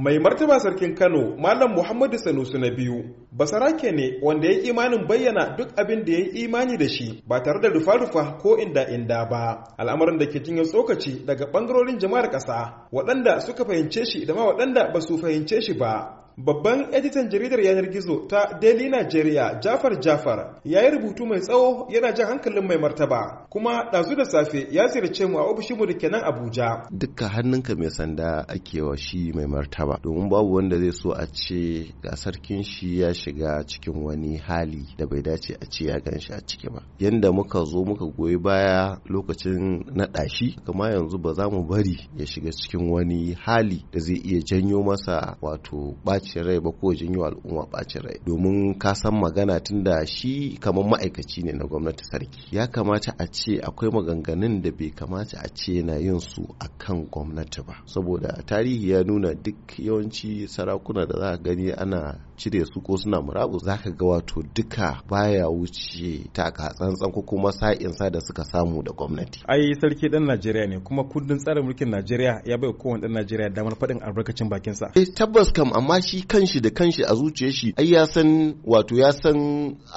mai martaba sarkin kano malam muhammadu Sanusu na biyu basarake ne wanda ya imanin bayyana duk abin da ya yi imani da shi ba tare da rufa-rufa ko inda inda ba al'amarin da ke jinyar tsokaci daga bangarorin jama'ar ƙasa waɗanda suka fahimce shi da ma waɗanda ba su fahimce shi ba Babban editan jaridar yanar gizo ta Daily Nigeria Jafar Jafar ya yi rubutu mai tsawo yana jan hankalin mai martaba kuma ɗazu da safe ya ziyarce mu a ofishin mu da kenan Abuja. Dukka hannunka mai sanda ake wa shi mai martaba domin babu wanda zai so a ce ga sarkin shi ya shiga cikin wani hali da bai dace a ce ya gan shi a ciki ba. Yanda muka zo muka goyi baya lokacin naɗa shi kama yanzu ba za mu bari ya shiga cikin wani hali da zai iya janyo masa wato ɓaci bacin rai ba ko wa al'umma bacin rai domin ka san magana tunda shi kamar ma'aikaci ne na gwamnati sarki ya kamata a ce akwai maganganun da bai kamata a ce na yin su a kan gwamnati ba saboda tarihi ya nuna duk yawanci sarakuna da za a gani ana cire su ko suna murabu Za ka ga wato duka baya wuce taka tsantsan ko kuma sa'in sa da suka samu da gwamnati ai sarki dan Najeriya ne kuma kundin tsarin mulkin Najeriya ya bai kowane dan Najeriya damar faɗin albarkacin bakin sa eh tabbas kam amma shi kanshi da kanshi a zuciyar shi ai ya san wato ya san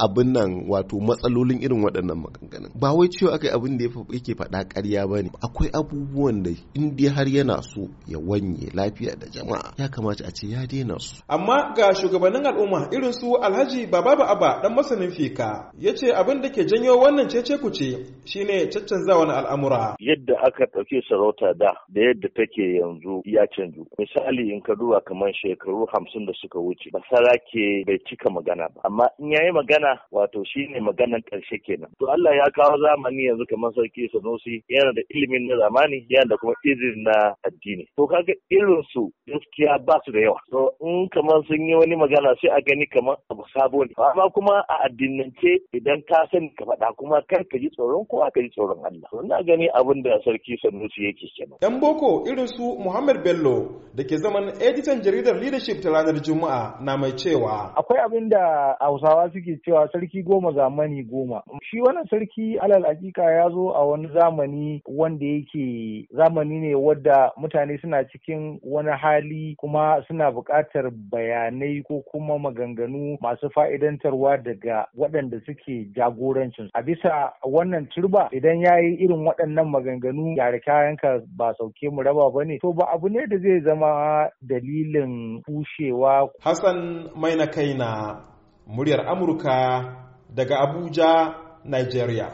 abin nan wato matsalolin irin waɗannan maganganun ba wai cewa akai abin da yake faɗa ƙarya ne. akwai abubuwan da indiya har yana so ya wanye lafiya da jama'a ya kamata a ce ya daina su amma ga shugaban shugabannin al'umma irin su Alhaji Baba ba Aba, dan masanin fika yace abin da ke janyo wannan cece ce, shine caccanzawa na al'amura yadda aka ɗauke sarauta da da yadda take yanzu ya canju misali in ka duba kamar shekaru hamsin da suka wuce ke bai cika magana ba amma in yayi magana wato shine maganan ƙarshe kenan to Allah ya kawo zamani yanzu kamar sarki Sanusi yana da ilimin na zamani yana da kuma izin na addini to kaga irin su gaskiya ba su da yawa to in kamar sun yi wani magana magana sai a gani kamar abu sabo ne amma kuma a addinance idan ka sani ka faɗa kuma kar ka ji tsoron kowa ka ji tsoron Allah na gani abin da sarki Sanusi yake kenan dan boko irin su Muhammad Bello da ke zaman editan jaridar leadership ta ranar Juma'a na mai cewa akwai abin da Hausawa suke cewa sarki goma zamani goma shi wannan sarki alal hakika ya zo a wani zamani wanda yake zamani ne wadda mutane suna cikin wani hali kuma suna buƙatar bayanai ko kuma maganganu masu fa'idantarwa daga waɗanda suke jagorancin a bisa wannan turba idan ya yi irin waɗannan maganganu yare kayanka ba sauke mu raba ba ne to ba abu ne da zai zama dalilin kushewa hassan mai na kai na muryar amurka daga abuja nigeria